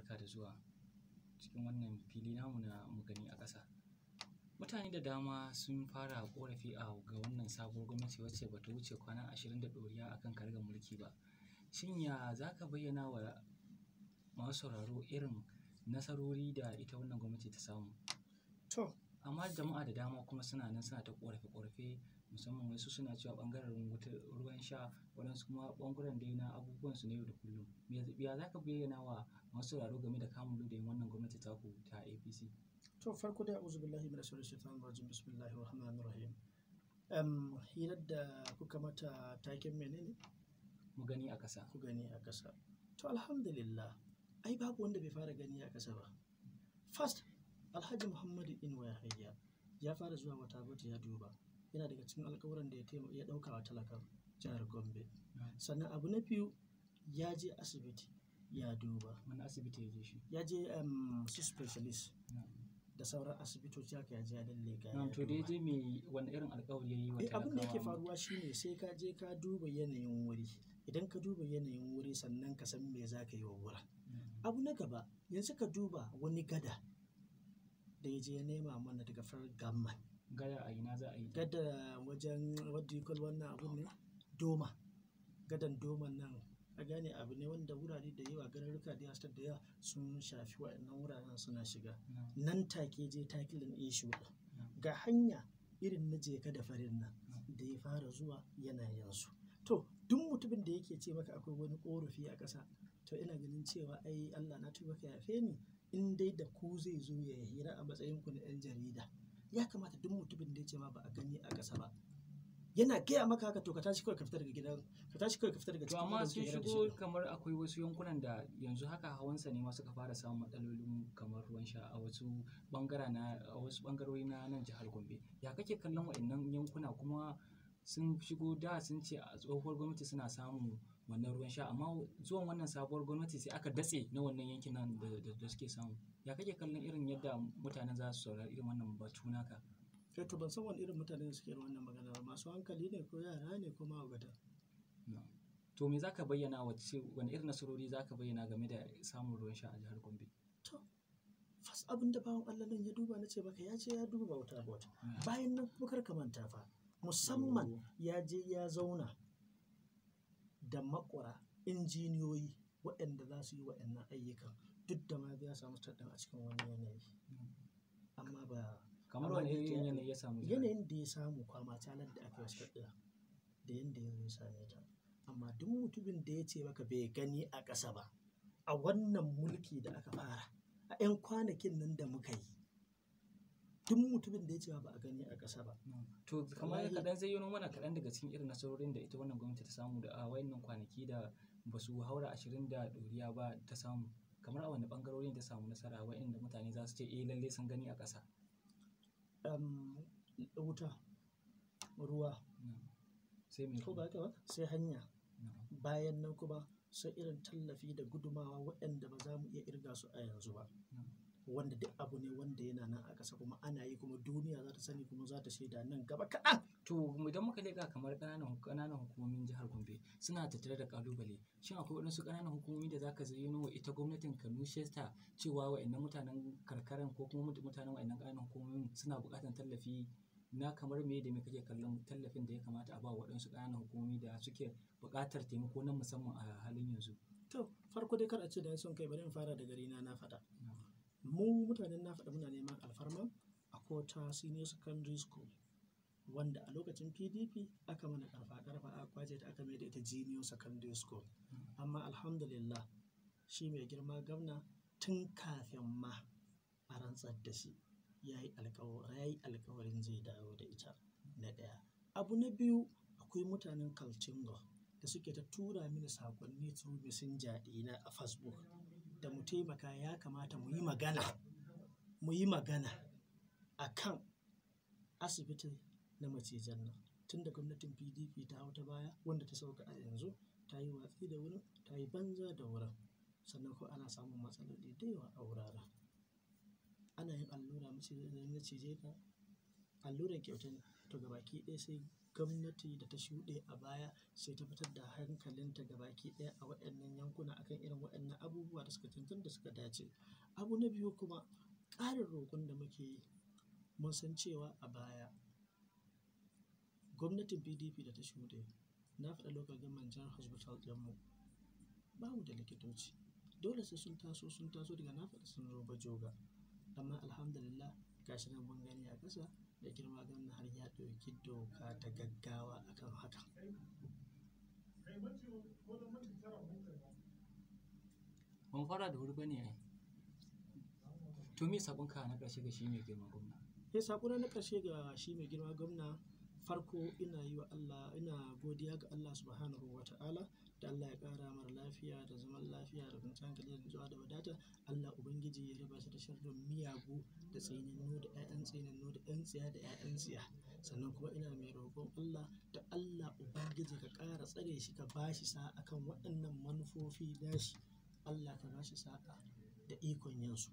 barka da zuwa cikin wannan fili namu na mu a ƙasa. Mutane da dama sun fara ƙorafi a ga wannan sabuwar gwamnati wacce ba ta wuce kwana ashirin da ɗoriya a kan karagar mulki ba. Shin ya za ka bayyana wa masu sauraro irin nasarori da ita wannan gwamnati ta samu? To, amma jama'a da dama kuma suna nan suna ta ƙorafe-ƙorafe musamman wasu suna cewa ɓangaren ruwan sha waɗansu kuma ɓangaren dai na abubuwan su na yau da kullum ya za ka bayyana wa masu sauraro game da kamun ludayin wannan gwamnati ta ku ta apc to farko dai a'udhu billahi min shaitanir rajim bismillahir rahmanir rahim um da kuka mata taken menene mu gani a kasa ku gani a kasa to alhamdulillah ai babu wanda bai fara gani a kasa ba first alhaji muhammadu inuwa ya ya fara zuwa wata ya duba yana daga cikin alkawuran da ya ɗauka wa talakar jihar Gombe. Sannan abu na biyu ya je asibiti ya duba. Wani asibiti ya je shi? Ya je su specialist. da sauran asibitoci haka ya je ya lalleka ya to dai je me wani irin alƙawari yi wa eh, abin da yake faruwa shine sai ka je ka duba yanayin wuri idan ka duba yanayin wuri sannan ka san me zaka yi wa wurin hmm. abu na gaba yanzu ka duba wani gada da ya je ya nema mana daga farar gamman gada a ina za a yi gada wajen wadda yi wannan abun ne doma gadan doman nan a gane abu ne wanda wurare da yawa garurruka da yastar da yawa sun shafi waɗannan wuraren suna shiga nan take je takilin issue ga hanya irin na jeka da farin nan da ya fara zuwa yana yansu to duk mutumin da yake ce maka akwai wani korafi a ƙasa to ina ganin cewa ai Allah na tuba ka yafe ni in dai da ku zai zo ya hira a matsayin ku na 'yan jarida ya kamata duk mutumin da ya ce ma ba a gani a ƙasa ba yana gaya maka haka to ka tashi kawai ka fita daga gidan ka tashi kawai ka fita daga cikin amma sun shigo kamar akwai wasu yankunan da yanzu haka hawansa ne ma suka fara samun matsalolin kamar ruwan sha a wasu bangara na a wasu bangarori na nan jihar Gombe ya kake kallon waɗannan yankuna kuma sun shigo da sun ce a tsohuwar gwamnati suna samun wannan ruwan sha amma zuwan wannan sabuwar gwamnati sai aka datse na wannan yankin nan da suke samu ya kake kallon irin yadda mutane za su saurari irin wannan batu naka kai eh to ban san wani irin mutane da suke wannan magana ba masu hankali ne ko yara ne ko ma'aurata to me zaka bayyana ce wani irin nasarori zaka bayyana game da samun ruwan sha a jihar Gombe to fas abin da bawan Allah nan ya duba na ce maka ya ce ya duba wata wata hmm. bayan nan kuma kar ka manta fa musamman ya je ya zauna da maƙwara, injiniyoyi waɗanda za su yi waɗannan ayyukan duk da ma ya samu start a cikin wani yanayi. Amma ba kamar wani irin yanayi ya samu? Yanayin da ya samu talar da aka yi start da yanda ya ya same ta. Amma duk mutumin da ya ce maka bai gani a ƙasa ba a wannan mulki da aka fara a 'yan kwanakin nan da muka yi duk mutumin da ya ce ba a gani a ƙasa ba. Mm. To kamar kaɗan zai yi mana kaɗan daga cikin irin nasarorin da ita wannan gwamnati ta samu da a wayannan kwanaki da ba su haura ashirin da ɗoriya ba ta samu. Kamar a wani ɓangarorin ta samu nasara wayanda mutane za su ce eh lallai sun gani a ƙasa. Wuta, ruwa, mm. sai mai ko ba sai hanya. Mm. Bayan nan kuma sai irin tallafi da gudumawa waɗanda ba za mu iya irga su a yanzu ba. wanda duk abu ne wanda yana nan a ƙasa kuma ana yi kuma duniya za ta sani kuma za ta shaida nan gaba kaɗan. To idan muka leƙa kamar ƙananan ƙananan hukumomin jihar Gombe suna tattare da ƙalubale shin akwai waɗansu ƙananan hukumomi da zaka zai wa ita gwamnatin Kano Shesta cewa wa'annan mutanen karkaran ko kuma mutanen wa'annan ƙananan hukumomin suna buƙatar tallafi na kamar me da kake kallon tallafin da ya kamata a ba waɗansu ƙananan hukumomi da suke buƙatar taimako na musamman a halin yanzu. To farko dai kar a ce da son kai bari in fara da gari na na faɗa. mu mutanen na faɗa muna neman alfarma a kota senior secondary school wanda a lokacin pdp aka mana karfa karfa a kwace ta aka mai da ita junior secondary school amma alhamdulillah shi mai girma gwamna tun kafin ma a rantsar da shi ya yi alkawarin zai dawo da ita na ɗaya abu na biyu akwai mutanen kaltingo da suke ta tura mini saƙonni through messenger ɗina a facebook da mu taimaka ya kamata mu yi magana, mu yi magana a kan asibiti na macizan nan. Tun da gwamnatin PDP ta hau ta baya wanda ta sauka a yanzu ta yi watsi da wurin, ta yi banza da wurin. Sannan ko ana samun matsaloli da yawa a wuraren. Ana yin allura macizai, na cije ka allurar kyauta ne to gabaki ɗaya sai. gwamnati da ta shuɗe a baya sai ta fitar da hankalinta ga baki ɗaya a waɗannan yankuna akan irin waɗannan abubuwa da suka da suka dace. Abu na biyu kuma ƙarin roƙon da muke yi mun san cewa a baya gwamnatin PDP da ta shuɗe na faɗa local government jihar hospital ɗinmu ba mu da likitoci dole sai sun taso sun taso daga na faɗa sun zo joga amma alhamdulillah gashi nan mun gani a ƙasa da girma gwamna har ya ɗauki doka ta gaggawa akan haka ban fara da wuri to me na ƙarshe ga shi mai girma gwamna eh, na ƙarshe ga shi mai girma gwamna farko ina yi wa Allah ina godiya ga Allah subhanahu wa ta'ala da Allah ya ƙara mara lafiya kwanciyar hankali da nutsuwa da wadata Allah Ubangiji ya raba su da sharrin miyagu da tsinannu da ƴaƴan tsinannu da ƴan tsiya da ƴaƴan tsiya sannan kuma ina mai roƙon Allah da Allah Ubangiji ka ƙara tsare shi ka bashi sa'a kan waɗannan manufofi nashi Allah ka bashi sa'a da ikon yansu